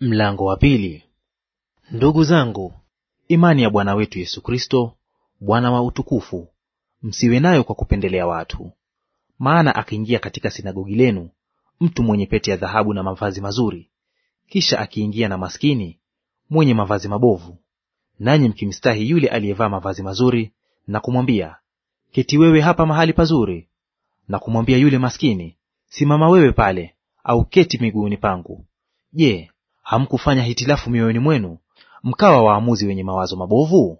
Mlango wa pili. Ndugu zangu, imani ya Bwana wetu Yesu Kristo, Bwana wa utukufu, msiwe nayo kwa kupendelea watu. Maana akiingia katika sinagogi lenu mtu mwenye pete ya dhahabu na mavazi mazuri, kisha akiingia na maskini mwenye mavazi mabovu, nanyi mkimstahi yule aliyevaa mavazi mazuri na kumwambia, keti wewe hapa mahali pazuri, na kumwambia yule maskini, simama wewe pale, au keti miguuni pangu, je, hamkufanya hitilafu mioyoni mwenu mkawa waamuzi wenye mawazo mabovu?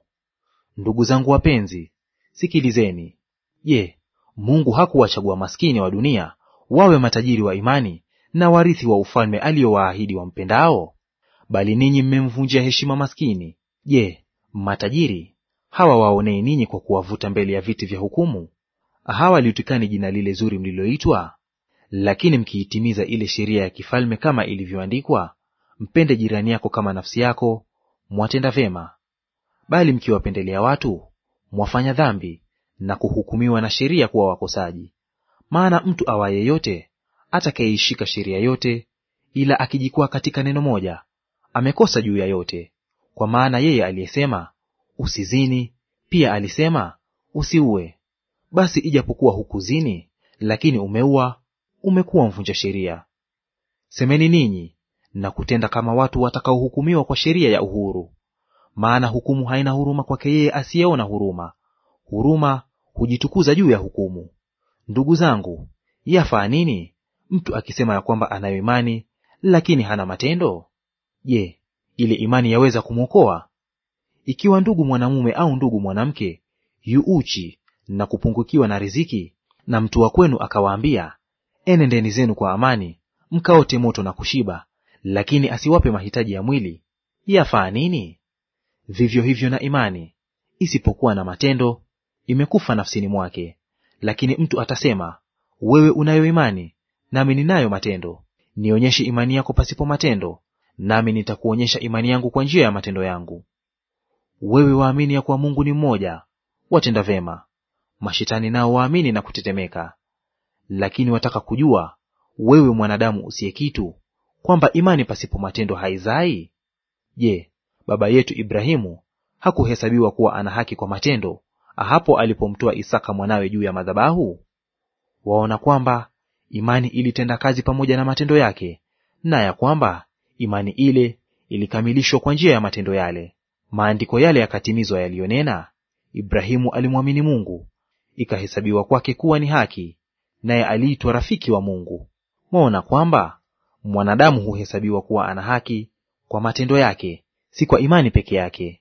Ndugu zangu wapenzi, sikilizeni. Je, Mungu hakuwachagua maskini wa dunia wawe matajiri wa imani na warithi wa ufalme aliyowaahidi wampendao? Bali ninyi mmemvunjia heshima maskini. Je, matajiri hawa waonei ninyi kwa kuwavuta mbele ya viti vya hukumu? Hawa liutikani jina lile zuri mliloitwa? Lakini mkiitimiza ile sheria ya kifalme kama ilivyoandikwa, Mpende jirani yako kama nafsi yako, mwatenda vyema. Bali mkiwapendelea watu, mwafanya dhambi na kuhukumiwa na sheria kuwa wakosaji. Maana mtu awaye yote atakayeishika sheria yote, ila akijikwaa katika neno moja, amekosa juu ya yote. Kwa maana yeye aliyesema usizini, pia alisema usiue. Basi ijapokuwa hukuzini, lakini umeua, umekuwa mvunja sheria. Semeni ninyi na kutenda kama watu watakaohukumiwa kwa sheria ya uhuru. Maana hukumu haina huruma kwake yeye asiyeona huruma; huruma hujitukuza juu ya hukumu. Ndugu zangu, yafaa nini mtu akisema ya kwamba anayo imani lakini hana matendo? Je, ile imani yaweza kumwokoa? Ikiwa ndugu mwanamume au ndugu mwanamke yu uchi na kupungukiwa na riziki, na mtu wa kwenu akawaambia, enendeni zenu kwa amani, mkaote moto na kushiba, lakini asiwape mahitaji ya mwili, yafaa nini? Vivyo hivyo na imani isipokuwa na matendo imekufa nafsini mwake. Lakini mtu atasema, wewe unayo imani, nami ninayo matendo. Nionyeshe imani yako pasipo matendo, nami nitakuonyesha imani yangu kwa njia ya matendo yangu. Wewe waamini ya kuwa Mungu ni mmoja, watenda vema; mashetani nao waamini na kutetemeka. Lakini wataka kujua, wewe mwanadamu usiye kitu, kwamba imani pasipo matendo haizai? Je, baba yetu Ibrahimu hakuhesabiwa kuwa ana haki kwa matendo ahapo alipomtoa Isaka mwanawe juu ya madhabahu? Waona kwamba imani ilitenda kazi pamoja na matendo yake, na ya kwamba imani ile ilikamilishwa kwa njia ya matendo yale. Maandiko yale yakatimizwa yaliyonena, Ibrahimu alimwamini Mungu, ikahesabiwa kwake kuwa ni haki, naye aliitwa rafiki wa Mungu. Mwaona kwamba mwanadamu huhesabiwa kuwa ana haki kwa matendo yake, si kwa imani peke yake.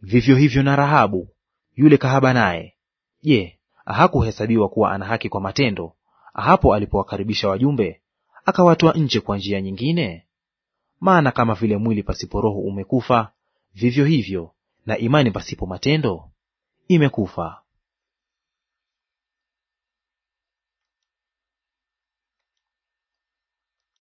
Vivyo hivyo na Rahabu yule kahaba naye, je, hakuhesabiwa kuwa ana haki kwa matendo hapo alipowakaribisha wajumbe akawatoa nje kwa njia nyingine? Maana kama vile mwili pasipo roho umekufa, vivyo hivyo na imani pasipo matendo imekufa.